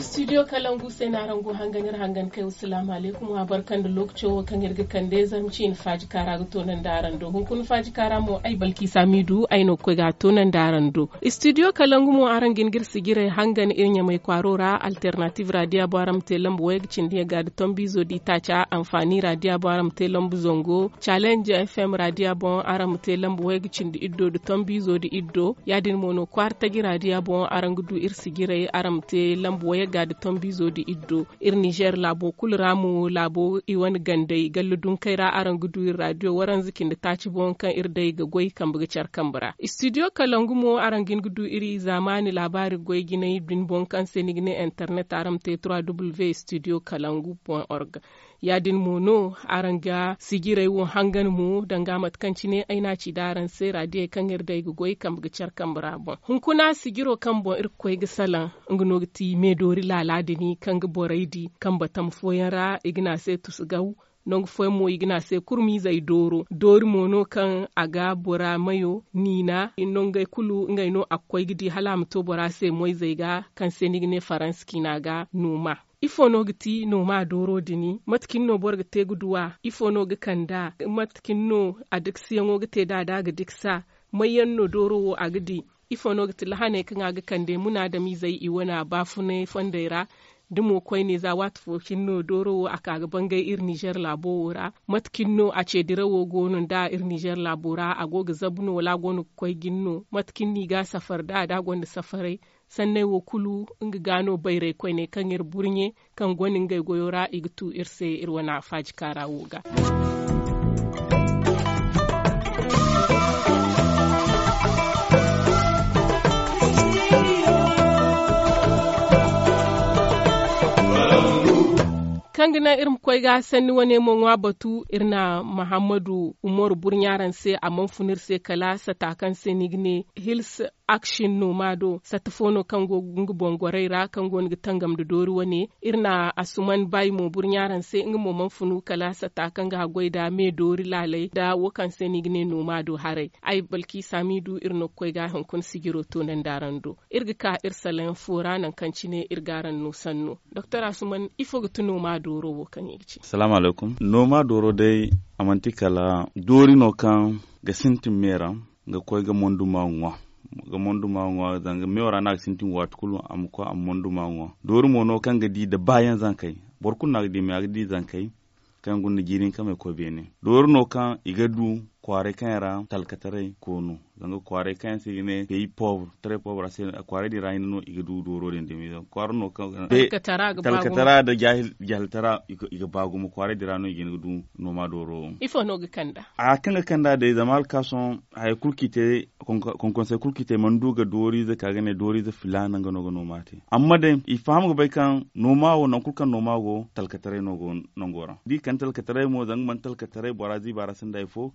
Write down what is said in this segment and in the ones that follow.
studio kalangu sai na rangu hanganyar hangan kai assalamu alaikum wa barkan da lokacin wa kan yarga kan dai zamci in faji kara ga tonan daran do hun kun faji kara mu ai balki sami du ai no ga tonan daran do studio kalangu mu aran girsi sigire hangan ya mai kwarora alternative radio baram telam weg cin dia ga tombi zo di tacha amfani radio baram telam zongo challenge fm radio bon aram telam weg cin di iddo do tombi zo di iddo yadin mono kwarta gi radio bon aran gudu ir sigire aram telam weg ga da bizo da iddo ir niger labo kul ramu labo iwan gandai dun kai ra aran gudu radio waran zikin da taci bon kan ir dai ga goi kan buga char kambra studio mo aran gin gudu iri zamani labari goi gina bin bon kan senigne internet aram te 3w studio kalangu.org yadin mono aranga sigirai wo hangan mu danga matkanci ne aina ci daran sai radiye kan yarda ga goyi kam ga char kam Hunkuna sigiro kan bo ir koy ga salan ngno ti me dori laladini kan ga boraidi kan batam ra igna sai tusgau Nong foi mo igna se kurmi zai doro dori mono kan aga bora mayo nina inonga kulu ngai no akwai gidi halam to bora se moy zai ga kan senigne faranski ga numa ifo no giti no ma doro dini matkin no borga te guduwa ifo no ga kanda matkin no a duk siyan wo gite da da ga diksa mayan no doro wo a gidi ifo no giti lahane kan a ga kande muna da mi zai iwana bafune fondaira dumo kwai ne za wata fokin no doro a kaga bangai ir Niger labora matkin no a ce wo gonun da ir Niger labora a goga zabno wala gonu kwai ginno matkin ni ga safar da da gonda safarai sannan wo kulu nga gano bayre ne kan ir burnye kan gwanin gai goyora igtu irse irwana faji kara woga kangina irin koi ga sanni wane batu irna muhammadu umaru burnyaran sai a manfunir sai kala satakan sai nigne hills action nomado satafono kango ngi bongorai ra kango ngi tangam da dori wane irna asuman bai mo yaran sai ngi moman funu kala sata kanga gwai da me dori lalai da wakan sai ni gine nomado harai ai balki sami du irno koi ga hankun sigiro to nan daran do irga ka irsalan fora nan kanci ne irgaran no sanno dr asuman ifo gutu nomado ro wakan yici assalamu alaikum nomado ro dai amantikala dori no kan ga meram ga koi ga mondu ma ga mondu mawo zanga miwara na sin tin wat kulu am ko am mondu mawo doru mono kan ga di da bayan zanka borku na di mi agdi zanka kan gun jirin kame ko bene doru no kan igadu kware kan ra talkatare kono zanga kware kan se ne pays pauvre très pauvre se kware di rain no iga du doro den de mizo kware no kan talkatara da jahil jahil tara iga bagu mu kware di rano iga du no ma doro ifo no ga kanda a kan ga kanda da zamal kason hay kulkite kon kon se kulkite mandu ga dori za kaga ne dori za filana ga no ga no mate amma da ifam ga bai kan no ma wo nan kulkan no ma go talkatare no go nan gora di kan talkatare mo zanga man talkatare borazi barasin da ifo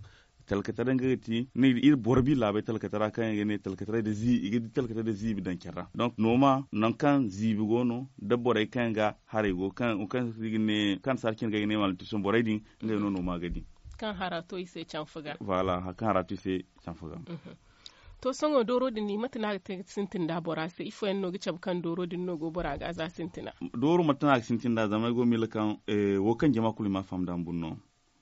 talkatare nga ti ne ir borbi be talkatara kan ne talkatara de zi igi talkatara de zi dan kera donc noma non kan zi bi gono da borai kan ga hare go kan kan ne kan kin ga ne mal son boray din ne mhm. no noma gadi kan to ise chan fuga wala kan harato ise chan fuga mhm. to songo doro din ni matana ta sintin da bora se ifo en no chab kan doro din no go bora ga za sintina doro matana sintin da zamai go milkan eh wo kan jama kulima fam dan bunno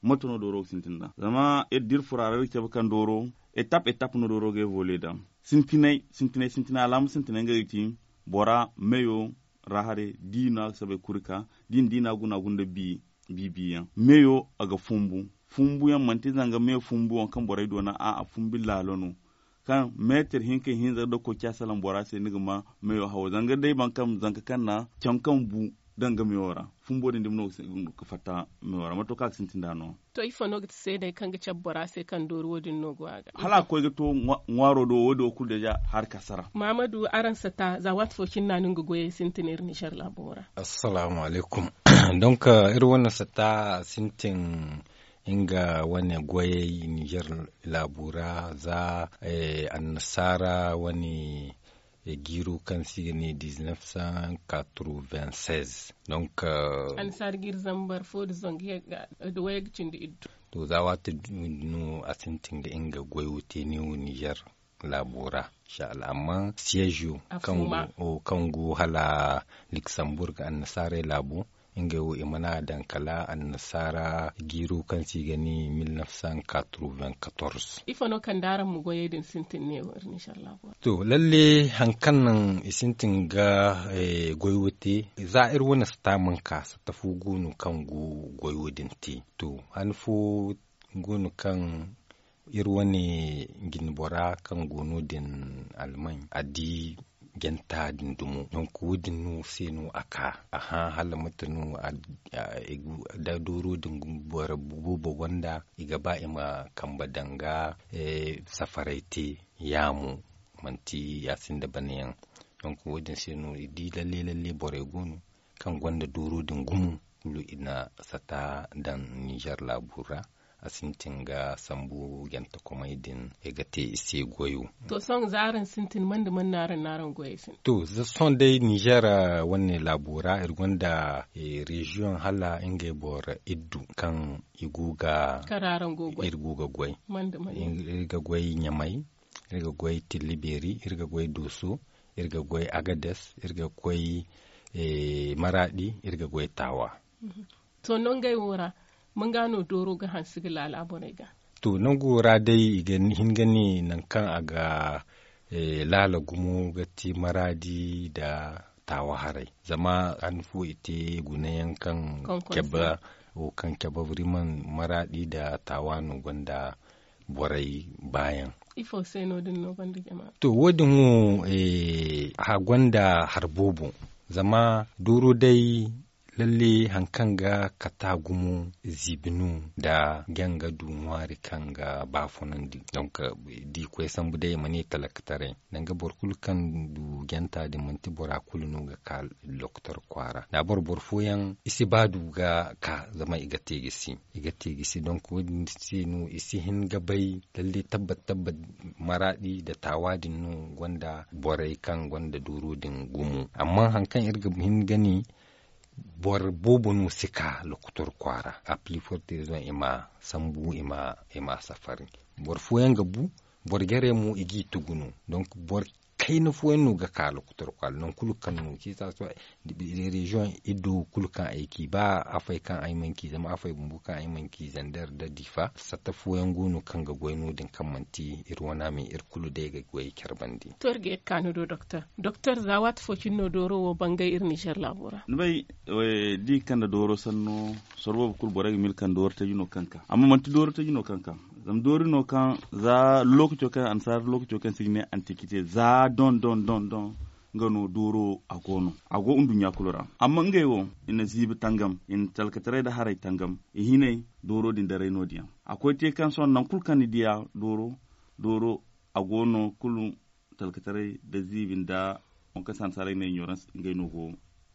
motono doro sintinda zama e dir furare ke kan doro etap etap no doro ge voleda sintinai sintinai sintina alam sintinai ngariti bora meyo rahare dina sabe kurka din dina guna gunde bi bi bi ya. meyo aga fumbu fumbu ya manti zanga meyo fumbu on kan bora na a a fumbi lalono kan meter hinke hinza da ko tiasalam bora se nigma meyo hawo zanga de bankam zanga kan na kan bu danga mi wora fumbode ndim no ko fatta mi wora mato kak sintinda no to ifo no git sede kanga chabbora se kan do wodi no gwaga hala ko to ngwaro do wodo o kulde ja har kasara mamadu aran sata za wat fo kinna nun go goye sintinir ni shar labora assalamu alaikum donc uh, ir wannan sata sintin inga wani goye Niger labura za eh, annasara wani giro kan sigini 1996 donc uh, an sargir zambar fod zong yega do weg cindi iddu to zawata no asintin da inga goyuti ni Niger labora allah amma siyejo kan go hala luxembourg an sare labo inga yau imana dankala an nasara giru kan si gani 1994 ifano kan daran mu goye din sintin ne war inshallah to lalle hankan nan isintin ga eh, goyote za ir wani sta mun ka su gunu kan gu goyodin ti to an fo gunu kan irwani wani ginbora kan gonu din alman adi genta dindumu donc wudinu senu aka aha hala mutunu a da doro dingun bubu wanda iga ba ima kamba danga e, safaraiti yamu manti yasin da baniyan donc din senu di lalle lalle bore gonu kan gwanda din gumu lu ina sata dan nijar labura asintin ga sambu yanta genta komaidin ga te isi goyo to son zarin sintin manda man naran naran goyo sin to son dai Nijera uh, wani labura irgun da e, region hala inge bor iddu kan iguga kararan gogoi irguga goyi manda man irga goyi nyamai irga goyi tiliberi irga goyi doso irga goyi agades irga goyi e, maradi irga goyi tawa mhm. to non gai wura mun gano doro ga hansigila al'amurai ga to nan gora dai gani nan kan a ga eh, lala gumo gati maradi da tawa harai zama an fo ite guna kan keba o kan keba maradi da tawa no gwanda borai bayan ifo no din no gwanda jama to wadin mu eh, ha gwanda harbobo zama doro dai lalle hankanga katagumu zibinu da gyanga dunwari ga bafunan di ka di ko san bude mani talaktare ga borkul kan du gyanta di minti bora kulunu ga ka loktar kwara na bor bor foyan isi badu ga ka zama iga tegisi iga tegisi donc si nu isi hin gabai lalle tabbat tabbat maradi da tawadin nu gwanda borai kan gwanda durudin gumu amma hankan irga hin gani bor bubunu sika lokutor kwara a pliforte zon ima sambu ima ima safari bor foyan bu bor gere mu igi tugunu donc bor kaina fuwennu ga kala kutar kwallon kulkan nu ke sa region ido kulkan aiki ba afai kan aiman ki zama afai bumbu kan aiman ki zandar da difa sata fuwen gonu kan ga goyinu din kan manti irwana ir kulu da ga goyi kyarbandi torge kanu do doctor doctor zawat fokino doro wo bangai ir niger labura nbai di kan da doro sanno sorbo kul borag mil kan doro ta no kanka amma manti doro ta no kanka zam no kan za lokacin kan ansar lokacin kan signe antiquité za don don don don gano doro a kono a go undun ya kulura amma ngai wo ina zibi tangam in talkatare da harai tangam ihine doro din da reno diya akwai te kan son nan kulkan diya doro doro a gono kulun talkatare da zibin da on kasan sarai ne yoran ngai no go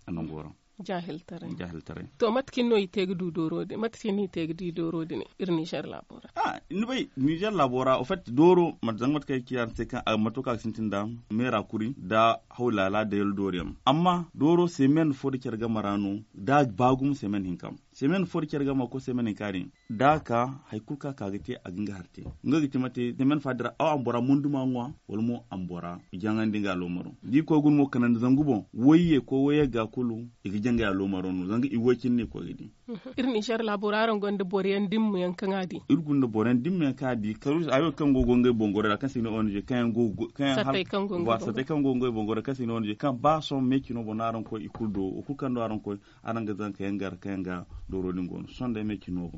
anan goron jahiltare jahiltare to matkin no itegdu dorode matkin itegdi dorode ne ir niger labora ah ni bay niger labora au fait doro mat zang mat kay kiyar se kan ah, matoka sintinda mera kuri da hawlala da yel doriam amma doro semen fodi kerga da bagum semen hinkam semen forker gama ko semen e karin daka haikuka a aginga harte nga giti mate semen fadra aw ambora mundu mangwa wolmo ambora jangandi ga lomoro di ko gun mo kanan zangubo woyye ko woyye ga kulu igi janga ya lomoro no zanga iwokin ne ko gidi irin ishar laboraron gwanda boriyan dimmu yan adi Irgun da boriyan dimmu yan kan adi karu yau kan gogon gai bongore da kan ne onje kan gogo kan har wa sate kan ne ngai bongore kan sino onje kan ba son meki no bonaron ko ikuldo ku kan do aron ko aran ga zan kan gar kan ga doro ningon sonde meki no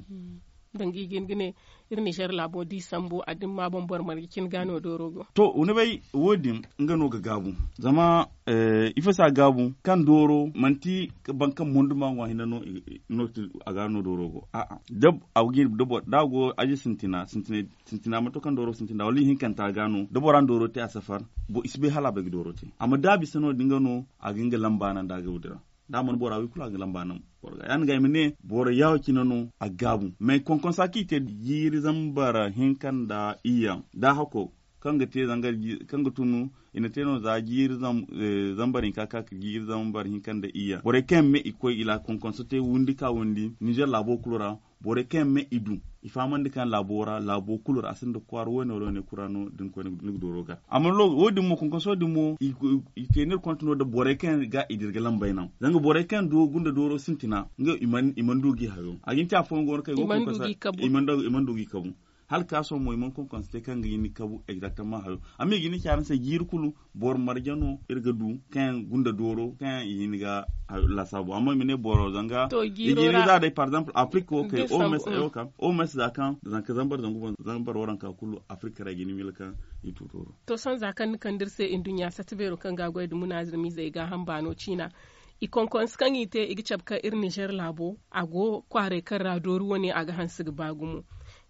dangi gine irin shar labo di sambo din ma bambar marikin gano dorogo to wani bai wodin ngano ga gabu zama eh, sa gabu kan doro manti bankan munduma wa hina no no a gano dorogo a a dab awgi dabo dago aji sintina sintina mato kan doro sintina wali hin kan ta dabo ran doro te a safar bo isbe hala bai doro te amma dabi sano dingano a ginga lamba nan daga wudira damon bora wi kula ngila mbanam borga yan ga mine bor yaw nanu a gabu kon sa k'i te yiri zambara hinkan da iya da hako kanga te zangar kanga tunu ina te no za gir zam e, zambari ka ka gir zambari hinkan da iya bore kem me ikoy ila kon so te wundi ka wundi niger labo kulura bore ken me idu ifamandi kan labora labo kulor asinda kwar wone wone kurano din ko ni nik doroga amon lo wodi mo kon so di mo i tenir kontuno de bore ken ga idirga lambay bayna nga bore ken do gunda doro sintina nga iman iman dugi hayo aginta fon gon kai go ko sa iman do iman dugi kabu hal ka so moy man kon constater kan ga yini kabu exactement hayo ami gini kyaran sa gir kulu bor marjano irga du kan gunda doro kan yini ga la sabo amma mine boro zanga to n'i da dai par exemple afrique ko o mes o kan o mes da kan zan ka zambar zangu zan bar waran ka kulu afrique ra gini yi itutoro to san zakan kan dirse indunya satbero kan ga gwaidu munazir mi zai ga hambano china ikonkon skan ite igi chapka ir niger labo ago kware kan radoru ruwa ne aga hansig bagumu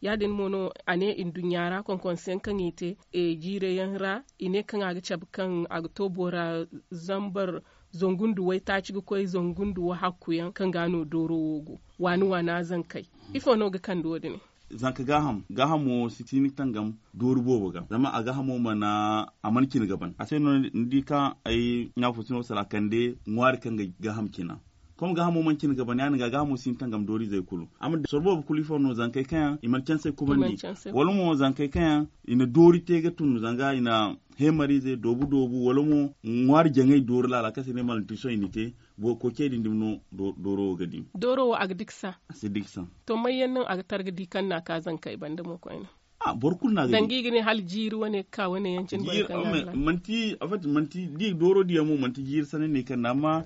yadin mono ane dunyara kon kon sen kan ite e jire yan ra ine kan aga chab kan aga tobora zambar zongundu wai ta cigi koi zongundu wa hakuyan kan gano doro wogo wani wana zan kai ifo no ga kan dodi ne zanka gaham gahamo sitini tangam doro bobo ga zama a gahamo mana a amankin gaban a sai no ndika ai na fusino salakande ngwar kan ga gaham kina kom ga hamu man kin bani an ga ga mo sin tangam dori zai kulu amma da sorbo bu kuli no zan kai kan iman chance kuma ni wala mo zan kai kan ina dori te ga tunu ga ina hemari zai dobu dobu wala mo ngwar jangai dori la la kase ne mal tiso inite bo ko ke din dimno doro ga dim doro wa agdiksa asidiksa to mai yannan a targadi kan na ka zan kai banda mo ko ina a ah, borkul na gari dangi gani hal jiri wani ka wani yancin bari kan oh, manti afat manti di doro di amu manti jiri sani ne kan amma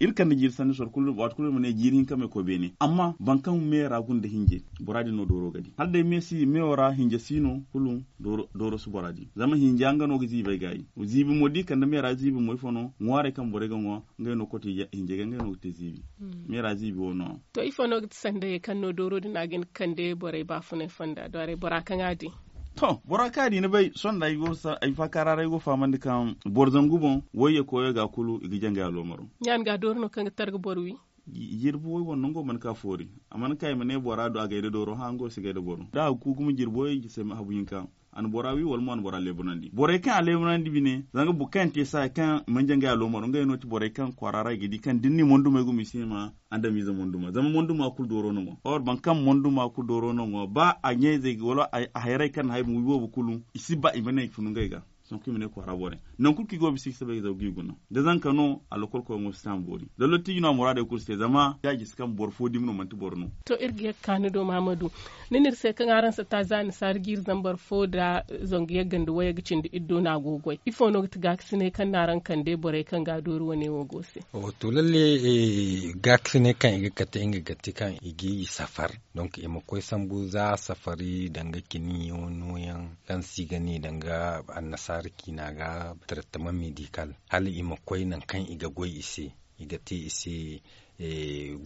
irkan da jiri sani sor kullu wat kullu ne jiri kan me ko bene amma bankan me ragun da hinje buradi no doro gadi hal dai me si me wara hinje sino kullu doro doro su buradi zama hinje an gano gizi bai gayi zibi modi kan da me ra zibi mo fono ngware kan bore ga ngwa ngai no koti hinje ga ngai no koti zibi hmm. me ra zibi wono to ifono gitsande kan no doro dina gen kan de bore ba fune fanda dore bora kangadi to bora kadi ni bai son da yigo sa ai fa karara yigo famandi kam borzan gubon waye koya ga kulu igi janga ya lomaru Yan ga dorno kan targa borwi yirbo wo nongo man ka fori aman ma mane bora do aga de doro hango siga de boru da ku kuma jirbo yi sem abu yin kam an bora wi walmo an bora lebunandi bore kan a lebunandi bine zanga kan te sa kan manjanga ya lomaro n'o ci bore kan kwarara gidi kan dinni monduma ego sima anda miza monduma zama monduma kul doro nongo or bankan monduma kul doro nongo ba a nyeze wala a hayrai kan hay mu wibo bukulu isiba imene fununga ga son kimine ko harabore non kul kigo bi sikse be zaw giguno de zan kano alokol ko mo stan bori de lotti yino morade kurse zama ya gis kan bor fo dimno manti borno to irgi kanu do mamadu ninir se kan ran sa ta zani sargir zambar fo da zongiye gandu waya gicin da iddo na gogoi ifo no tiga sine kan naran kan de bore kan ga doru wane wo gose o to lalle ga sine kan iga kata inga gatti kan igi safar donc e makoy sambu za safari danga kini wonoyan kan sigani danga annasa sarki na ga tattaman medical hali ima nan kan iga goyi ise iga te ise e,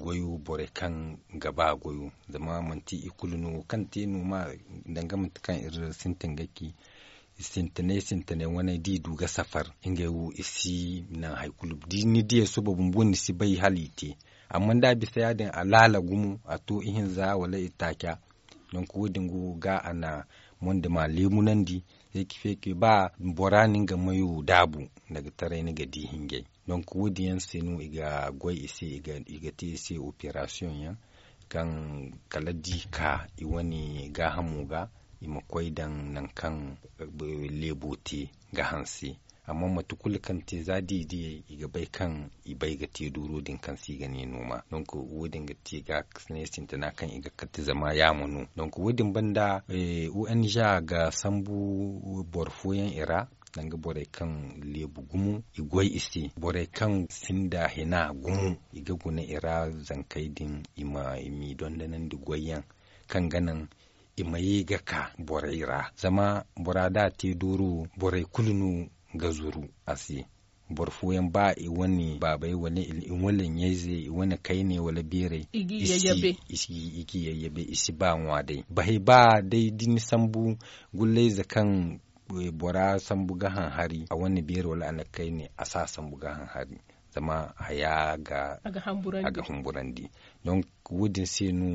goyu bore kan gaba goyu zama manti ikulunu kan te ma danga kan irin sintin gaki sintane sintane wani di duga safar inga yi isi nan haikulu di ni diya so babun bun si bai halite amma da bisa yadin alala gumu a to ihin za wala itakya don kuwa dingu ga ana mun da ma lemunan di yekifeki ba borani ga mayu dabu daga tarai ni ga dihinge donc wodiyan senu iga gwai ise iga iga tese operation ya kan kaladi ka iwani ga ga imakwai dan nan kan eh, lebote ga hansi amma matukul kan te za di di iga bai kan ibai ga te duro din kan si ne noma don ko wodin ga te ga ne ta na kan iga kati zama ya munu don ko wodin banda un eh, ja ga sambu borfoyan ira ga borai kan lebu gumu igwai isi borai kan sinda hina gumu iga guna ira din ima imi don danan digwayan kan ganan imaye ga ka bore Ira. zama borada te duro borai kulunu ga zuru asi barfu yan ba i wani babai wani in wani yeze wani kai ne wala bere igi yayyabe isi igi yayyabe isi ba nwa dai bai ba dai din sambu gulle zakan eh, bora sambu gahan hari a wani bere wala ana kai ne a sa sambu gahan hari zama haya ga aga humburandi don wudin nu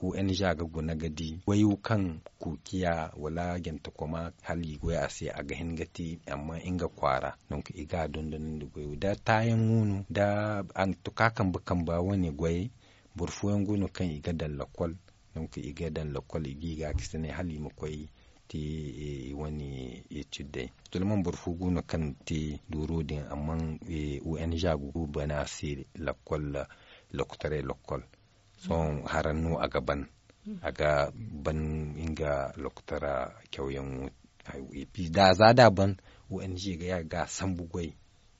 ku en jaga na gadi wayu kan kukiya wala genta kuma hali goya a sai a ga hingati amma inga kwara don ka iga dundunin da goyo da tayan munu da an tukakan bukan ba wani goyi burfuwan gunu kan iga dallakwal don ka iga dallakwal igi ga ne hali makwai ti e, wani e, dai tulman burfu gunu kan ti duro din amma e, un jagu bana sai lakwal lokutare lakwal son harannu a gaban ga ban inga loktara kyauyen IWP da za da ban ONG ga ya ga san bugwai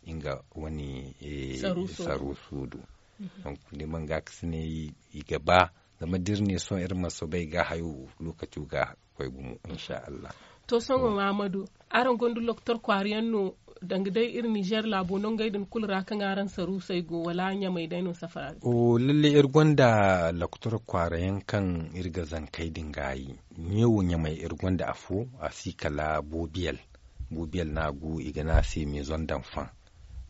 inga wani eh, tsaro sudu mhm. neman ga kasu ne gaba zama dirne son irin masu bai ga hayo lokacin ga kwai insha Allah to son Muhammadu aran gondu loktar kwariyan no dangdai dai ir Niger labo non gai din kulra kan aran saru sai go wala nya mai dainu safara o lalle ir gwanda laktor kwarayen kan irga zankai dingayi nyewu nya mai ir gwanda afo asikala bobiyal bobiyal na gu igana sai mai zondan fan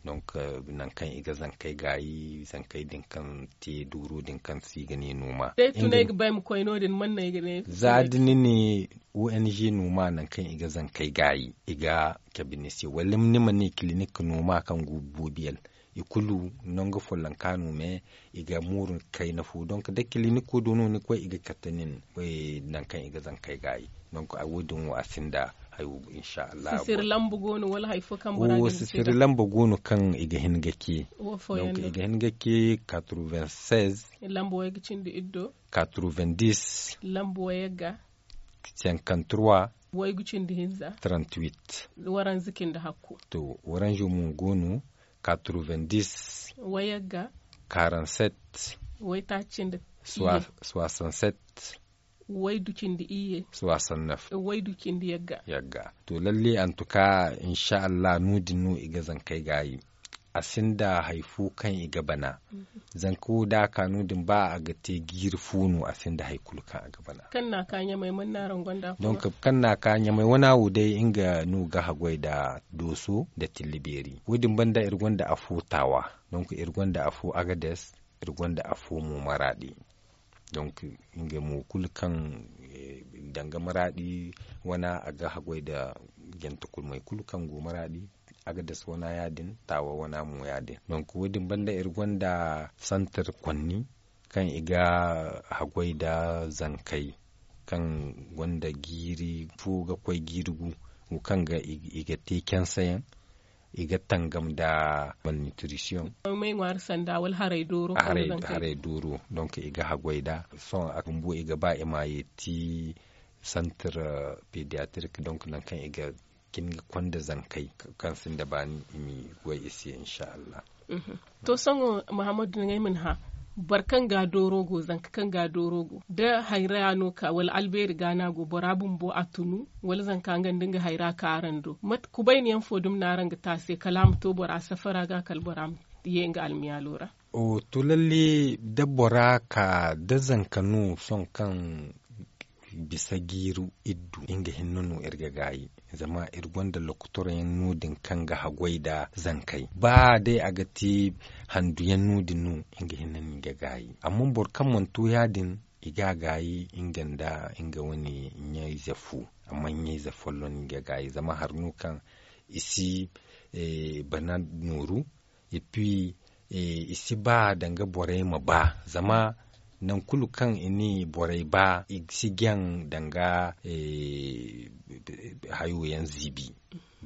donc euh, nan kan iga zan kai gayi zan kai din kan te duro din kan si gani noma dai tunai ga bai mu koino din man gane zadini ne ONG numa nan kan iga zan kai gayi iga kabinisi walim nima ne clinic noma kan gubobiyal ikulu ga folan kanu me iga murun kai na fu donc da clinic ko dono ni ko iga katanin nan kan iga zan kai gayi donc a wudun wa asinda hayu insha Allah sisir lambu gonu wal haifu kan bura o sisir lambu gonu kan iga hingaki donc iga hingaki 96 lambu wayga cindi iddo 90 lambu wayga 53 waygu cindi hinza 38 waran zikin da to waran jumu gonu 90 wayga 47 wayta cindi 67 waidukin da iye suwasannaf waidukin da yagga yagga to lalle an tuka insha Allah nudin nu iga zan kai gayi asin da haifu kan iga bana mhm. zan ko da kanu din ba a ga te gir funu asin da haikul kan a gabana kan na kanya mai mun na rangon da don kan na kanya mai wani wana dai inga nu ga hagwai da doso da tiliberi wudin banda irgon da afo tawa don ku irgon da afo agades irgon da afo mu maradi donc inge mo kul kan eh, danga maradi wana aga hagwai da genta kul mai kul kan go maradi aga da wana yadin tawa wana mu yadin donc wadin banda ir gwanda santar kwanni kan iga hagwai da zankai kan gwanda giri fuga kwai girgu kan ga iga teken sayan iga tangam da malnutrition mai ngwar sanda wal haray duru haray haray doro donc iga da. son akumbu iga ba imaye ti centre uh, pediatric donc nan kan iga ga kwanda zankai kansin da ba ni mi goyi isi insha Allah mhm. to sango muhammadu ngay min ha barkan gado rogo zanka kan rogo da haira no ka wal alberi gana go barabun bo atunu wal zanka ngan dinga haira karando mat kubaini yan fodum naranga tase kalam to bora safara ga kalboram almiya almiyalora o to lalle bora ka da zankanu son kan bisa giru iddu inga hinnono irga gayi zama irgonda kan nudin kanga hagwaida zankai ba dai agati handu handuyan nudin nu inga hinnan ga gayi amma borkan mantu yadin iga gayi inganda inga wani nyai zafu amma nya zafollon inga gayi zama nu kan isi e, bana nuru ipi eh, isi ba danga bore ma ba zama nan kulu kan ini borai ba sigiyan danga e, hayoyin zibi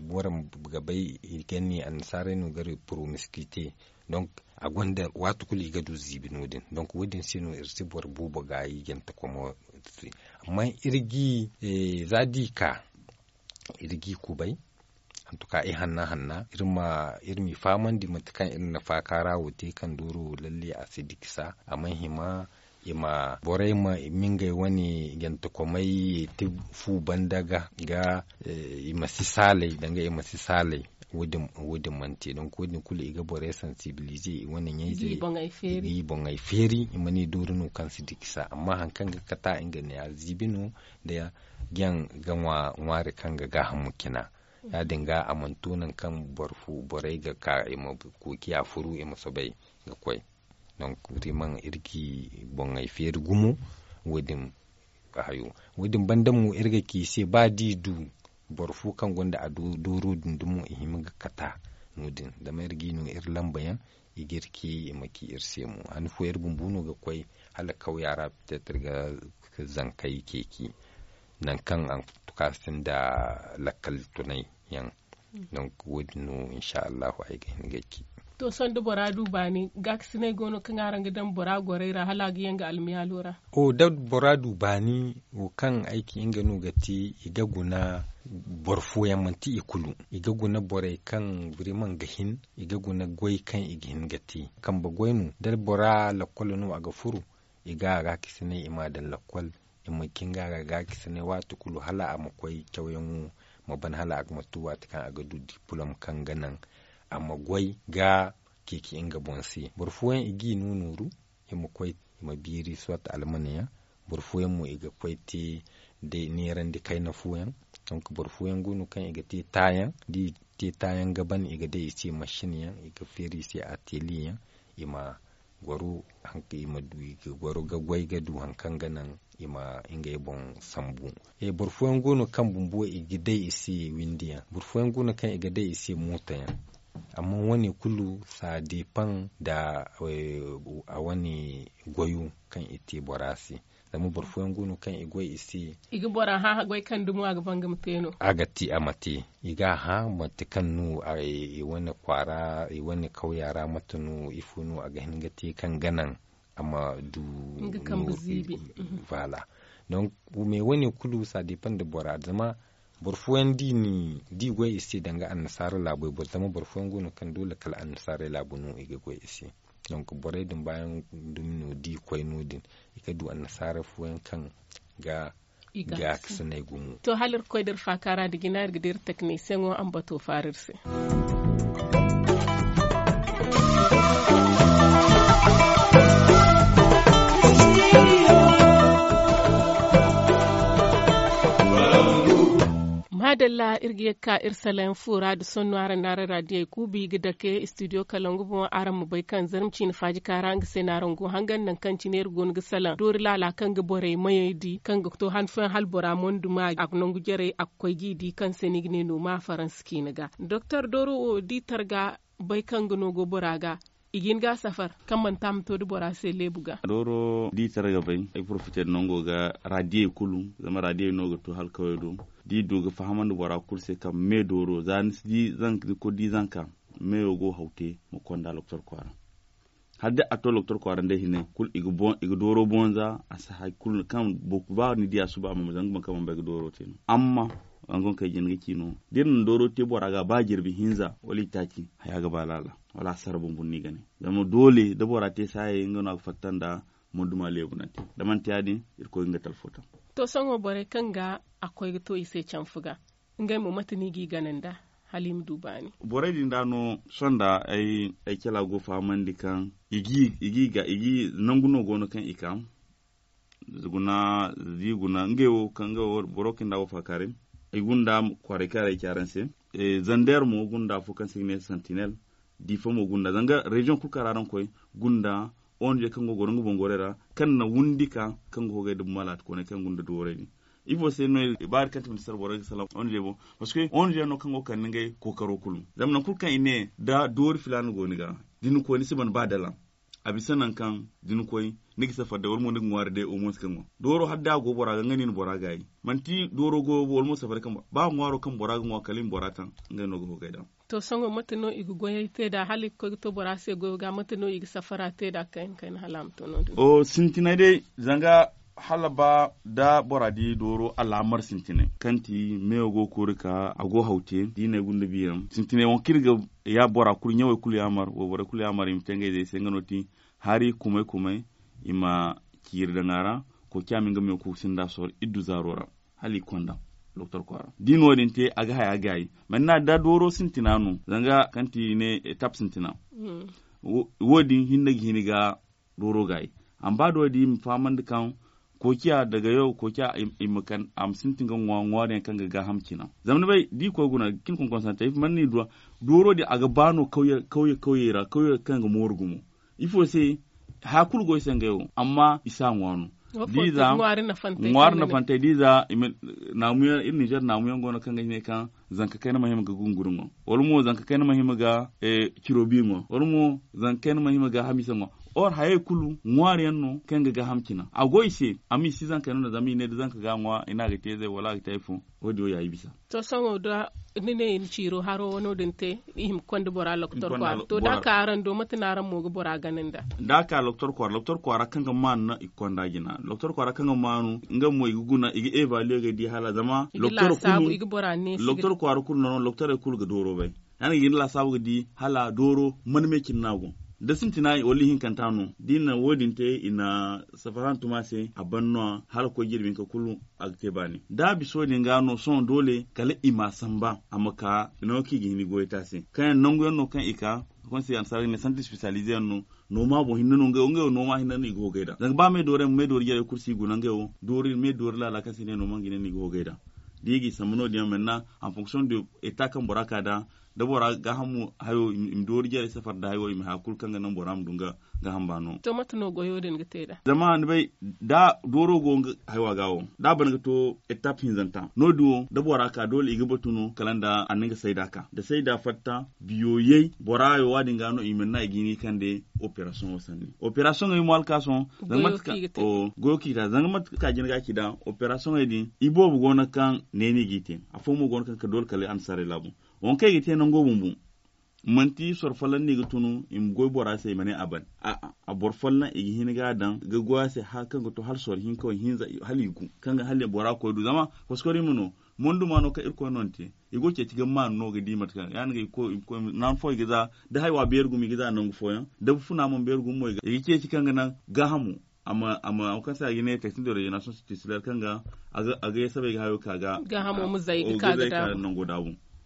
waran gabai gani an sare no gari promiscuity donc a gwanda watu kuli gadu zibi nodin donc wadin sino irsi bor buba ga yi genta komo amma irgi e, zadika irgi kubai tuka ai e hanna hanna irma irmi faman di matakan irin na fakara wute kan doro lalle a sidiksa a manhima ima borai ma minga wani genta komai ti fu bandaga ga eh, ima sisalai danga ima sisalai wudin wudin mante don ko kula iga bore sensibilize wannan yayi zai bon feri yi bon feri imani durunu kan sidikisa amma hankan ga kata inga ne azibinu da gyan ganwa ware kan ga ga mukina ya dinga amantunan kan barfu borai ga ka ima a furu ima sobai ga kwai donc vraiment irki bon ay fer gumo wodim wadim wodim bandamu irga ki se badi du fu kan gonda a doro dundumu ihimga kata nudin da mayar gino ir lambayan igirki maki ir semu an fo yar bumbuno ga kwai hala kau yara ta tirga zankai keki nan kan an tukasin da lakal tunai yan hmm. don wodin insha Allah ai ga ki to da bora duba ne ga ni gaksine gono kangaran gidan bora hala ga yanga almiya lura o da bora duba ne o kan aiki inga no gati iga guna borfo ya manti ikulu iga guna kan biriman gahin iga guna goyi kan igihin gati kan ba goynu dal bora lakwal no aga furu iga ga kisine ima da lakwal ima kinga ga ga ne wa kulu hala amakwai kyauyan mu ban hala agmatu ta kan aga du diplom kan ganan amma gwai ga keke inga bonse burfuwan igi nunuru ima kwai ima biri swat almaniya burfuwan mu iga kwai te de neran de kai na fuyan donc burfuwan gunu kan iga te tayan di te tayan gaban iga de ice machine yan iga feri se atelier ima gwaro hanka ima du ga gwaro ga gwai ga du hankan ganan ima inga ibon sambu e burfuwan gunu kan bumbu iga de isi windiya burfuwan gunu kan iga de isi mota yan amma wani kulu sa depan da eh, a wani gwayu kan ite borasi zamu barfuyan gunu kan igwai isi igi bora ha gwai kan dumu a gaban gamteno a amati iga ha mati kan nu a wani kwara wani kauyara matunu ifunu a gahin gati kan ganan amma du ngi kan buzibi mhm. vala don me wani kulu sa depan da bora zama di dini di gwe isi danga an nasara labo bo zama burfuwan gono kan dole kala an nasara labu no iga isi don donc bore din bayan dumino di kwai no din ika du an nasara fuwan kan ga ga sanai gumu to halar koidar fakara digina gidir teknisyen an bato farirse madalla ka irsalen fura da sonnuwar nare ku bi gida ke studio kalangu bon aran mu bai kan zarmci na faji kara ga sai na rango hangan nan kan cinir er gon ga salan dori lala kan ga bore mai di kan ga to han fen hal bora mon ma ak non jere ak koy gidi kan senig ne no ma faranski ga dr doro di targa bai kan go bora ga igin ga safar kan man tam to du bora se lebuga doro di ga bay ay profiter go ga radier kulum zama no go to hal kawai do di fahaman fahamandu bora kurse kam me doro zan di zan ko di zan kam me go haute mo konda doctor kwara hadde atto doctor kwara nde hine kul igu bon igu doro bonza asa hay kul kam boku ba ni dia suba mo zan kam be doro tin amma an gon kay jin ga kino din doro te bora ga bajir bi hinza wali taki hayaga balala wala sarbun ni gane dama dole da bora te saye ngana fattanda moduma dama daman tiyadi irko inga talfota to sango bore kanga akwai to ise can fuga ngai mu matani gi da halim dubani bore din da no sonda ai ai kala go famandi kan igi igi ga igi nanguno gono kan ikam zuguna ziguna ngewo kanga borokin da fa karim igunda kware kare kyaranse e zander mo gunda fukan signe sentinel di fomo gunda zanga region ku kararan koy gunda on je kango gorong bongorera kan na wundi ka kango hoge dum malat ko ne kan gunda dore reni ifo se no bar kan tin sar borog salam on je bo parce que on je no kango kan ngay ko karo kulum zamna ku kan ine da dor filan go ni ga dinu ko ni siban badala abisa nan kan dinu koy nigi safa da wolmo nigi de o mons kango doro hadda go boraga ngani ni boraga yi manti doro go wolmo safar kan ba ngwaro kan boraga ngwa kalim boratan ngai no go hoge dam to songo matano igu goyay da hali ko to borase goga n'o igu safara da kain kain halam to no o sintina dai zanga halaba da boradi doro alamar sintine kanti meogo a ago haute dine gunda biyam sintine won kirga ya bora kul nyawe kul yamar wo bora kul yamar im tenge de ti hari kume kume ima da dangara ko kyaminga me ku sinda sor iddu zarora hali konda docteur kwara din wadin te aga haya gayi na da doro sintinanu zanga kanti ne eh, tap sintina mm. wodin hinna gini ga doro gayi an ba do di faman da kan kokiya daga yau kokiya imakan am sintin ga ngwa ne kan ga hamkina zamna bai di ko guna kin kon konsanta if ni duwa doro di aga bano kauye kauye kauye ra kauye kan ga morgumo ifo sai hakul go isanga yau amma isa ngwanu diza ngwar na fante diza namuya ir niger namuya ngona kanga ne kan zanka kai na mahimma ga gunguru gungurun olmo zanka kai na mahimma ga e, kirobi ngo olmo zanka kai na mahimma ga hamisa ngo or haye kulu ngwar yanno kanga ga hamkina agoise ami si zanka na da zami ne da zanka ga ngwa ina ga teze wala ga taifu odi o yayi bisa to sango da ne in ciro haro wono dinte ihim konde bora loktor kwar to da karan do matinaran mogo bora ganinda da ka loktor kwar loktor kwar kan ga man na ikonda gina loktor kwar kan ga manu nga mo iguguna igi evalue ga di hala zama loktor kunu igi bora ne loktor kwar kunu no loktor e kul ga doro bai nan yin la sabu di hala doro man me kinnago da sun tina o lihin kan tanu dina wodin te ina safaran tumase se abanno hal ko girbin ka kullu agte bani da bi so din gano son dole kala ima samba amaka ino ki gini goita se kan nongo no kan ika konsi ansari ne santi specialisé no noma bo hinna no ngeo ngeo noma hinna ni go gaida daga ba me dore me dore yare kursi guna ngeo dore me dore la la kasi ne noma ngine ni go gaida digi samuno dia menna en fonction de état kan boraka da da bora hamu hayo im dori jere safar da hayo im hakul kanga nan boram dunga hamba no to matno goyo den giteda zama ne bai da doro go hayo gawo da ban to etap zanta no duo da bora ka dole igi batuno kalanda ga saida ka da saida fatta biyoye bora yo wadin no im na gini kan de operation wasanni operation ngi mal son zan matka o goyo da zan matka jin ga da operation din ibo bu gona kan neni gitin afomo gona kan ka dole kale an sare labu won kai gite nan gobun bu manti sorfalan ne tunu im goy bora sai mane aban a a borfallan igi hin ga dan ga gwa sai ha kan to hal sor hin kawai hin za haliku kan ga halle bora ko du zama koskori muno mondu mano ka irko nonte igo ce tigam man no ga dimat kan yan ga ko ko nan fo giza da wa biyar gumi giza nan foyan da funa mon biyar gumi moy ga yake ci kan ga nan ga hamu amma amma an kasa yi ne teksin da rajina sun su tisilar kan ga a ga ya sabai ga hayo kaga ga hamu mu zai ka ga da nan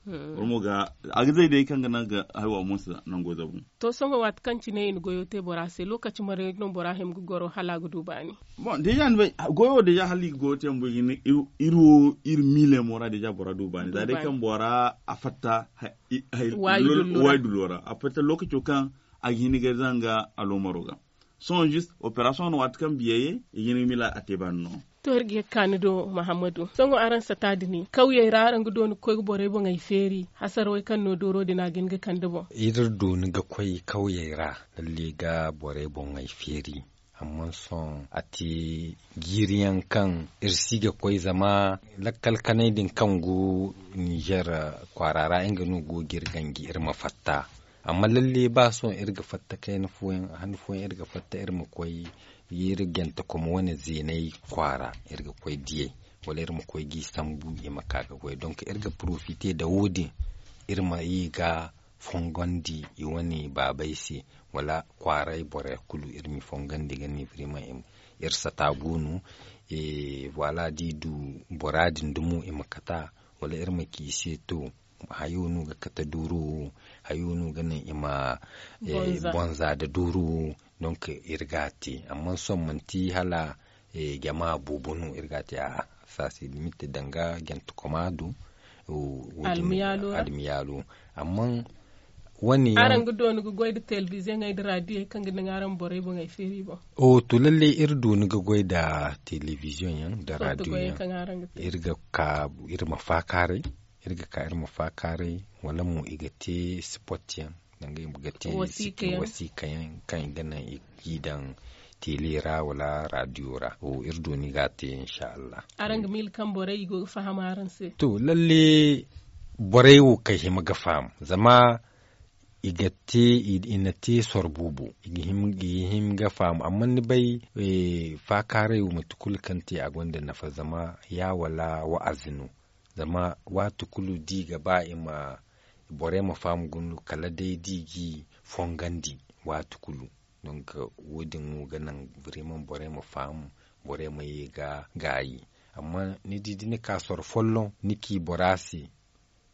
Hmm. ormo ga agizai da ikan gana ga haiwa musu nan goza bu to sogo wat ci ne in goyo te bora se lokaci mare no bora hem gu goro hala gudu ba ni bon deja ni goyo deja hali go te mbo ni iru ir mile mora deja bora ba ni da dai kan bora afatta wai dulora afatta lokaci kan a gini ga zanga alomaro ga son just operation wat kan biye yini mila ateban no torge kanido mahamadu songo aran satadini kauye raran gudo ni koy bore bo ngai feri hasar wai e kan no doro dina gin ga kandibo idir do ni ga koy kauye ra lalle ga bore bo ngai feri amma son ati giriyan kan irsiga kwai zama lakkal din kan gu Niger kwarara inga no go girgan gir er mafatta amma lalle ba son irga er fatta kai nufoyin hanfoyin irga er fatta irma kwai yirgenta kuma wani zinai kwara irga kwai diye wala irma kwai gi sambu ya makaga kwai irga profite da wodi irma yi ga fongondi yi wani babai si wala kwarai bore kulu irmi fongondi gani vrima im irsa tagunu e wala di du boradin dumu imakata wala irma ki se to hayonu ga kata duru hayonu ganin ima e, bonza da duru donc irgati amma son manti hala e, eh, gama bubunu irgati a sasi limite danga gentu komadu almiyalo almiyalu amma wani aran gudo ni goy da television ngai da radio kan gina aran bore bo ngai feri bo o to lalle irdo ni goy da television yan da radio yan irga ka irma fakare irga ka irma fakare wala mu igate spot yan nangai bugate sikin wasika yan kan gana gidan telera wala radio ra o irdo ni in insha Allah arang mil kan borai go aran se to lalle borai wo kai hima ga fam zama igate inate sorbubu igihim ga fam amma ni bai e, fa kare wo mutukul kanti a gwanda na fa zama ya wala wa azinu zama tukulu di gaba ima bore ma famu gunu kala dai digi fongandi wa tukulu don ka wudin mu ganan bremen bore ma famu bore ma yi ga gayi amma ni di dini kasuwar follon niki borasi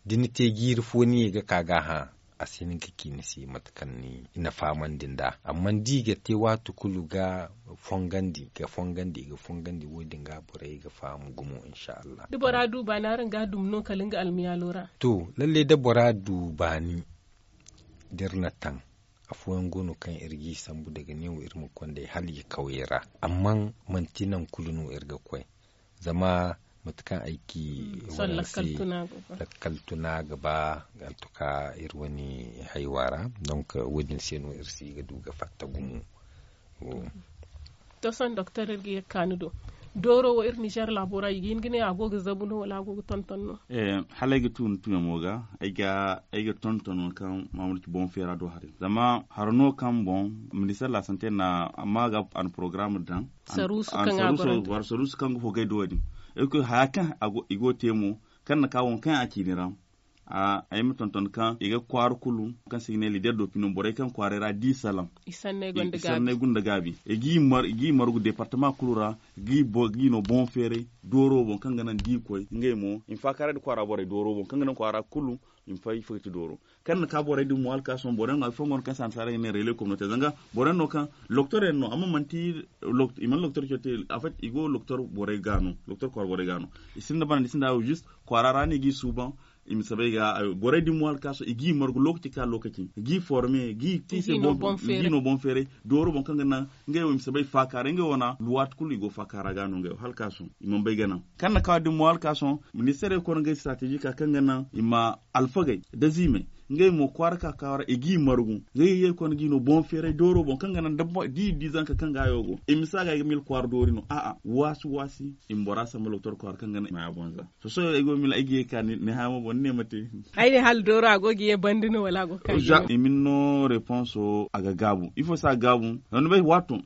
dini te giri fo ni ga kaga ha a sinin kiki ni si matakan ni ina faman dinda amma diga te watu kulu ga fongandi ga fongandi ga fongandi wo dinga burai ga famu gumo insha Allah dubara duba na ranga dumno kalinga almiya lora to lalle dabara duba ni dirna tan afuwan gono kan irgi sambu daga wa irmu kwanda ya hali kauyera amma mantinan kulunu irga kwai zama matukan aiki wannan sai lakkaltuna gaba ga tuka irwani haiwara don ka wajen seno irsi ga duga fata gumu tosan docteur irgi kanudo doro wo ir niger labora yigin gine agogo zabuno wala agogo tontonno eh ga tun tun moga ayga ayga tontonno kan mamul bon fera do hari zama harno kan bon minister la santé na amaga an programme dan su kan agoro su kan go gay do din iko haya kan igo temu kan na kawon kan a kinira a ayi mutuntun kan iga kwar kulu kan signe lider do pinum bore kan ra di salam isanne gonda gabi isanne gonda gabi igi e, mar gi marugo departement kulura gi bo gi no bon fere doro bon kan ganan di koy ngay mo in fa kare kwara bore doro bon kan ganan kwara kulu in fa fukiti doro kan ka bore di mual ka son boran al fongon kan san sare ne rele communauté zanga boran no kan docteur en no amma manti lok iman docteur chote en fait igo docteur bore gano docteur ko bore gano isin isinda ban isinda just kwararani gi souban im sabe ga bore di ka so igi morgo lok ti ka lokati e gi formé gi ti se bon gi no bon fere doro bon kanga na ngai imi sabai fakara ngai wana luat igo fa ka raga no ngey hal ka so imon be gana kan ka di ka so ministere ko ngai strategique kanga na ima alfagai dazime ngay mo kwarka kawara e gi marugu ngay ye kon no bon fere doro bon kanga nan dabba di di zanka kanga yogo e misaga e mil kwar dori no a a wasu wasi e bora sa mul tor kwar kanga ma bonza so so e go mil e ka ni ne hama bon ne mate hayde hal doro gi e bandino wala go kan ja e min no réponse aga gabu il faut sa gabu non be watu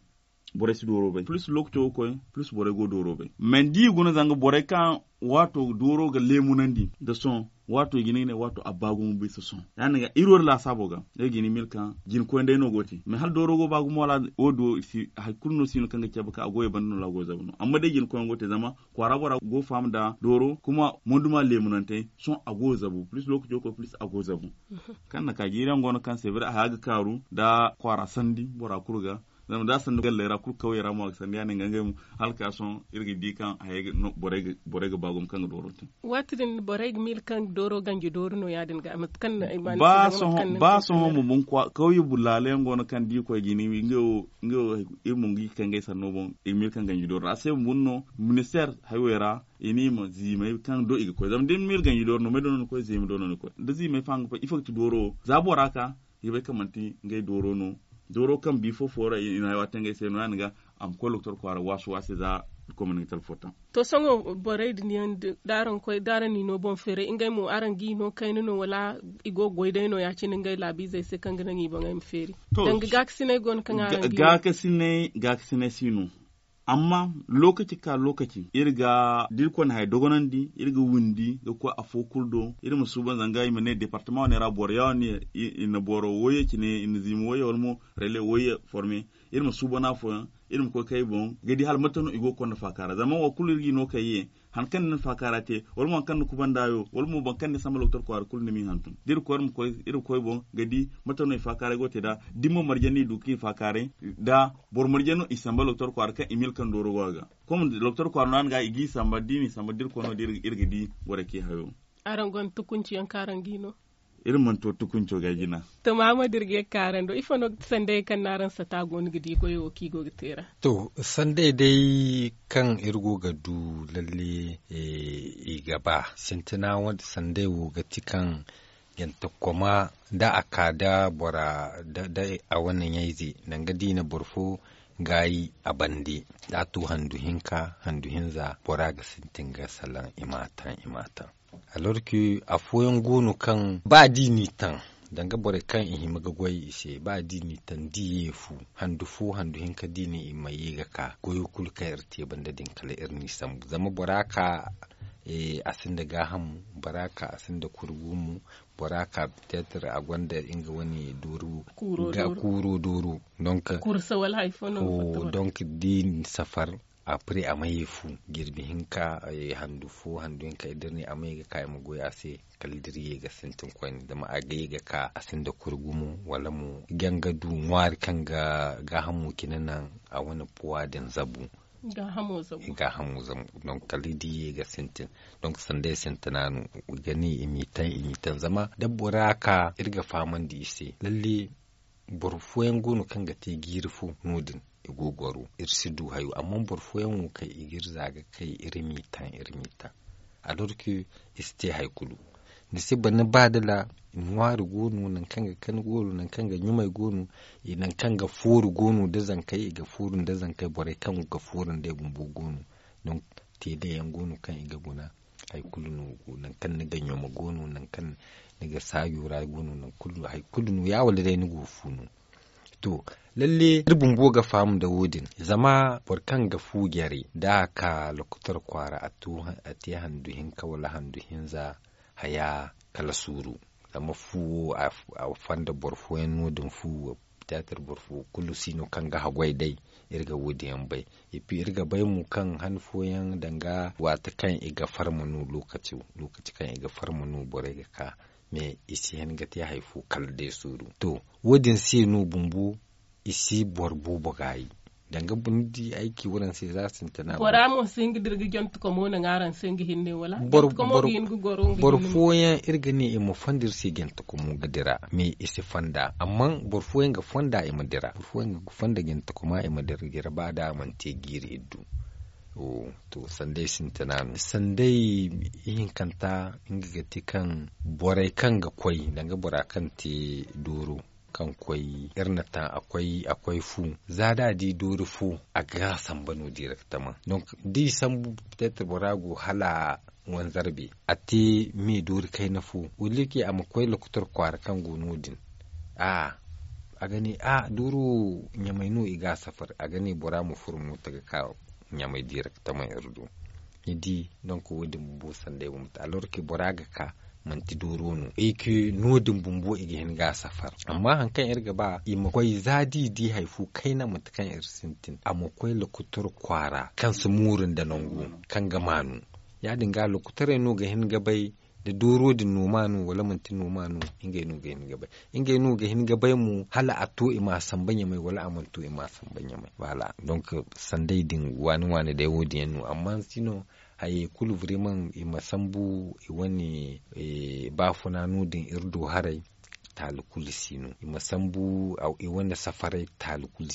bore si doro be plus lokto ko plus bore go doro be men di gona zanga bore kan watu doro ga lemunandi de son wato gini ne wato abagumu bisa ya yani ga iror la sabo ga e gini milka jin ko ende no goti me hal doro go wala odo si hakurno sino kanga ke baka agoye no la go zabno amma dai jin ko ngote zama ko arabora go fam da doro kuma monduma munante son agoye zabu plus lokaci ko plus agoye zabu mm-hmm. kan na ka giran gono kan sevira haga karu da kwara sandi bora kurga zam da san nugal lera kur kawai ramu a sandiya ne gange mu halka son irgi bi kan haye no boreg boreg bagum kan doro tin watrin boreg mil kan doro ganji doro no yadin ga amat kan imani ba so ba so mu mun kwa kawai bulale ngono kan di ko gini ngo ngo imun ngi kan ga san no bon mil kan ganji doro ase no minister haywera inima zimai kan do igi ko zam din mil ganji doro no medon ko do dono ko da zimai fang pa ifak doro zaboraka yibai kamanti ngai doro no doro bi fo fora ina tanga se anga am koloktor ko ara waso wase za communicator fotan to sango borai diniyan daran koy daran ni no bon fere ingay mo aran gi no kayno no wala igo goyde no ya cin ngay labi zai se kangana ni bon am fere dang ga gaksine gon kan ka gi ga gaksine gaksine sinu amma lokaci ka lokaci irga dirkon hay di irga wundi ga ko a fokurdo irin musu ban zanga yi ne departement ne rabor yawo ne ina boro woye kine ina zimu woye walmo rele woye forme irin musu bana fo irin ko kai bon gadi hal matano igo kon fakara zaman wa kulirgi no kaye han kan nan fakarate wal mo kan ku bandayo wal mo ban kan ni sama loktor ko ar kul nimi hantum dir ko mo koy ir ko bon gadi matano fakare gote da dimo marjani ki fakare da bor marjano isamba loktor ko ar ka imil kan doro waga kom loktor ko nan ga igi samba dimi samba dir ko no dir irgidi wore ki hayo arangon tukunci yan karangino irin manto tukun coga gina to mama dirge karen do no sandai kan naran sa ta gon gidi ko yo ki go tera to sandai dai kan irgo gadu lalle e, e gaba sintina wanda sandai wo gati kan yanta kuma da aka da bora da, da a wannan yaize nan gadi na burfo gayi a bande da tu handuhinka handuhinza bora ga sintin ga salan imatan imatan alors que a foyon gono kan ba dini tan danga bore kan in hima ga goyi ise ba dini tan diye fu handu fu handu hinka dini in mai ga ka goyo kul ka irte banda din kala irni sam zama boraka e asin da gahan baraka asin da kurgumu baraka tetar a gwanda inga wani doro ga kuro doro donc kursa wal haifono donc din safar A a mai fu girbi hinka eh, handu fu handu hinka a mai ga kayan mu goya se ya ga sintin kwani da ma a ga ka a asin da kurgumu wala mu gangadu nwar kan ga ga hamu kinanan a wani puwa din zabu ga hamu zabu ga zabu don kalidi ga sintin don sanda nu gani imitan imitan zama dabbura ka irga faman da ise lalle burfuyen gonu kan ga te girfu nudin igogoro irsi duhayu amma yan kai igir zaga kai irimitan irimitan a que iste haikulu nisi si bani badala nwari gonu nan kanga kan gonu nan kanga nyumai gonu nan kanga furu gonu da kai ga furun da kai bare kan ga furun da gumbu gonu don te da yan gonu kan iga guna ai kullu no nan kan ni ga nyoma gonu nan kan ni ga sayura gonu nan kullu ai kullu ya wala dai ni gofunu to lalle girbin boga famu da wudin zama burkan ga fugere da ka lokutar kwara a tuhan a te handuhin kawala handuhin za haya kala suru zama fuwo a fanda borfo yan nodin fuwo teatar borfo kulu sino kan ga hagwai dai irga wodiyan bai ifi irga bai mu kan hanfoyan danga wata kan iga farmanu lokaci lokaci kan iga farmanu ga ka me isi henga te haifu de suru to wodin si no bumbu isi bor bu bugayi danga bundi aiki wurin sai za su tana bora mo singi dirgi jont ko mo na ngaran singi hinne wala bor bor bor foya irgani e mo fandir si gent ko mo gadira mi isi fanda amman bor foya ga fanda e madira bor foya ga fanda gent ko ma e madira gira bada man te giri iddu to sandai ne sandai yin kanta inga ti kan borai kan ga kwai danga bora kan te doro kan kwai irnata akwai akwai fu Za da di doro fu a ga sambano ma. don di sambu peut bura go hala wanzarbe a te me doro kai na fu ulike a makwai lokutar kwara kan gonodin a a gani a doro nyamainu iga safar a gani bora mu mu ta ga nyamai direct ma mai irdu idi don ko wudin bu sande bu mutu alor ki boraga ka manti dorono e ke nodin bumbu igi ga safar amma hankan irga ba i makwai zadi di haifu kai na matakan sintin a makwai lokutur kwara kan su murin da nangu kan gamanu ya dinga lokutare no ga hin gabai da doro noma nu wala manti nu inga nu ga hinga bai inge nu ga hinga bai mu hala a to ima sambanya mai wala aman to ima sambanya mai wala donc sandai din wani wani da yawo di yanu amma sino haye kulu vraiment ima sambu wani eh, nu din irdo harai talukul masambu au i wanda safarai talukul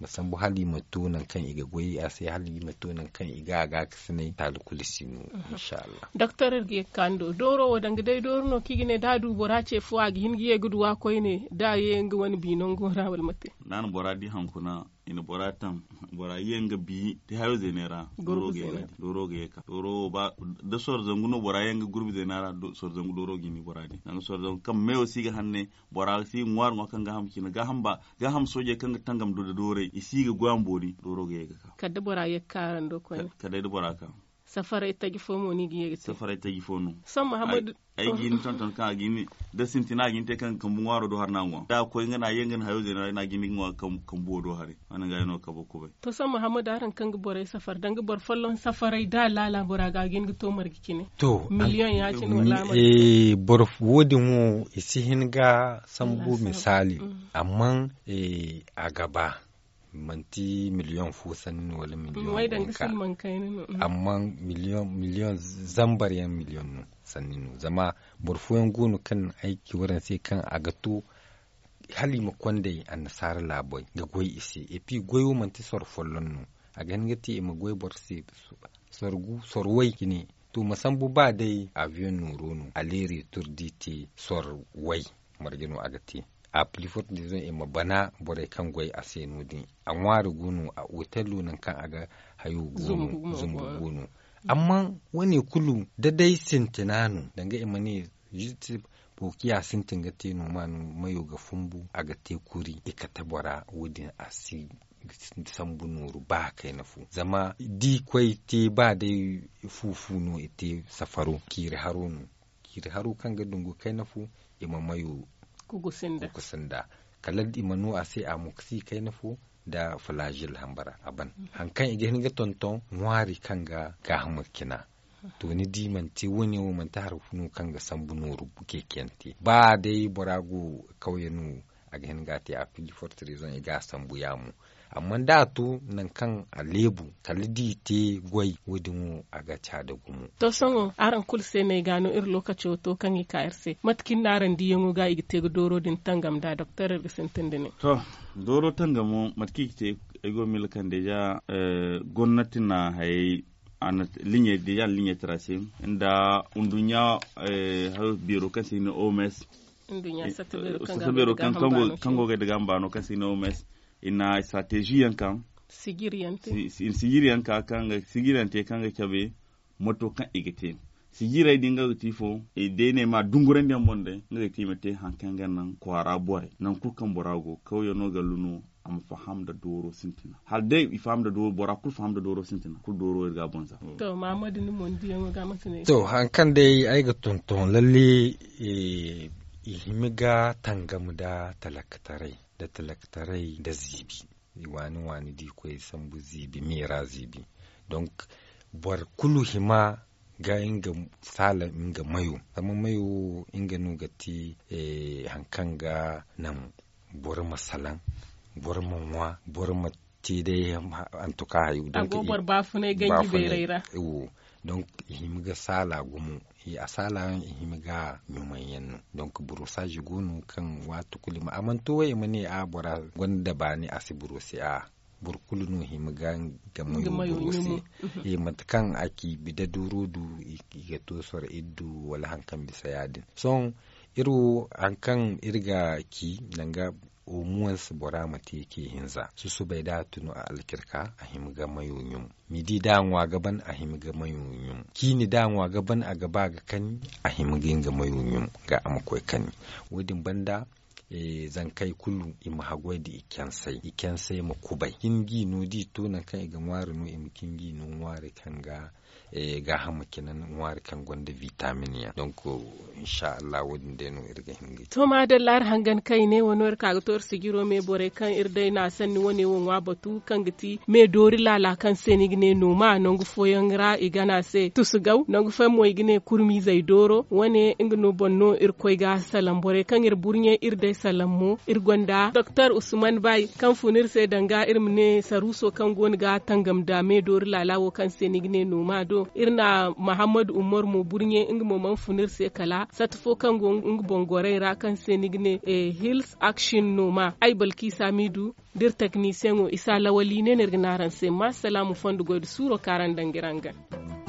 masambu hali mato nan kan iga goyi a sai hali mato nan kan iga ga kasne talukul sino mhm. insha Allah doctor ge kando doro wadanga dai doro no kigine da du bora ce fuwa gi hingiye guduwa koyne da ye ngi wani binon gora wal mate nan bora di hankuna ina bora tam bora yenga bi ti hayo zenera doro ge gadi doro ge ka doro ba da sor zangu no bora yenga gurbi zenera sor zangu doro gi ni bora di nan sor zangu kam mewo si ga hanne bora si ngwar ngo kan ga ham kina ga ham ba gaham ham soje kan ga tangam do da dore isi ga gwambori doro ge ka kadda bora yakka ran ka ko kadda bora ka safara itagi fomo ni giye gite safara itagi fono sam muhammad ay gin ton ton ka gimi da sintina gin te kan kan waro do har nanwa da ko ngana yengen hayo je na gimi ngwa kan kan bo do hare ana ga no ka boko to san muhammadu haran kan gi bore safar dan gi bor fallon safarai da lala bora ga gin gi to mar gi kine to miliyon ya ci wala ma eh bor wodi mu isi hin ga sambu misali mm. amman eh a gaba manti miliyon fusan wala miliyon wanka mm. amma miliyon miliyon zambar yan miliyon nu sanni nu zama burfuyan gonu kan aiki wurin sai kan agato hali makwanda yi an nasara labai ga goyi ise epi goyo manti sor follon nu a ganin gati ima e goyi bor se sorgu sorwai kine to masambu ba dai avion nuro nu aleri turdite sorwai margino agati a plifot de zon ima bana bore kan gwai a senu nudi an ware gunu a otellu nan kan aga hayu zumbu gunu amma wani kulu da dai sintinanu danga ima ne pokiya sintin ga tenu manu mayo ga fumbu a ga tekuri ika tabara wudin a sambu nuru ba kai na fu zama di kwai te ba dai fufu no ite safaro kiri haro kiri haro kan ga dungu kai na fu ima mayo kukusinda kalad imanu a a muksi kai nufu da flagel hambara aban hankan mm-hmm. igin ga tonton nwari kan ga ga hamukina to ni di man ti wani wo man tahar funu kan ga sambu no rubu ke kenti ba dai borago kauye nu a ga hin ga ti a fili for reason ga sambu yamu amma da tu nan kan a lebu talidi te gwai wudimu a ga ca da gumu to sango aran kul sai mai gano irin lokaci to kan yi ka irse matkin naran di yango ga igite doro din tangam da doctor bisintin dine to doro tangamu matki te ego milkan deja eh, gwamnati na haye ana linye de ya linye tracé nda undunya eh, har biro kan sino oms undunya eh, satubero kan kango kango ga daga mbano kan sino oms ina strategie yankan sigiriyante si, sigiriyanka kanga sigiriyante kanga kabe moto kan igete sigira idi nga ti e dene ma dungure ndi monde nga timete mete hankanga nan ko arabore nan ku kan borago yo no galuno am faham da doro sintina hal dai i faham da doro bora kul faham da doro sintina kul doro irga bonza mm. to mamadi ni mon yango ga masine to hankan dai ay ga tonton lalle e ihimiga e, tangamu da da talaktarai da zibi wani wani di san sambu zibi mera zibi don bar kulu hima ga inga sala inga mayo amma mayo inga nugati e, eh, hankanga nan bor masalan bor manwa bor mati dai an tuka hayu don ba fune gangi bai raira don ihimiga sala gumu sala asala ihimiga nyuman yannu donc burosaji gonu kan watu kulima amanto waye mani a bora gwanda bani asi burosi a burkulu no himigan gamoyosi yi matakan aki bida du ga tosor idu wala hankan bisa yadin son iru hankan irga ki nanga o muwas bora yake ke hinza su su bai da tunu a alkirka a himga mayoyin midi danwa gaban a himga mayoyin kini danwa gaban a gaba ga kani a himgin ga mayoyin ga amakwai kani wadin banda e kai kullu ima hagwai da iken sai iken sai ma kubai kin gi di tona kai ga nware mu. in kin gi no kan ga Eh, ga hama kenan wari kan gwanda vitamin ya don ko insha Allah wajen da no irga hingi to ma da lar hangan kai ne wani war ka su giro mai bore kan irda na san ni wani won batu kan giti mai dori lala kan seni gine no ma non gu foyan ra igana se gau non gu fam moy gine kurmi zai doro wani ingno bonno ir koy ga salam bore kan ir burnye ir salam mu ir gwanda dr usman bai kan funir sai danga ir ne saruso kan gon ga tangam da mai dori lala wo kan seni gine noma do yo irna muhammadu umar mu burnye inga mo man funir se kala fo kan go bongore ra kan se nigne e hills action noma ay balki samidu dir technicien o isa lawali ne nergnaran se ma salamu fondu go suro karandangiranga. dangiranga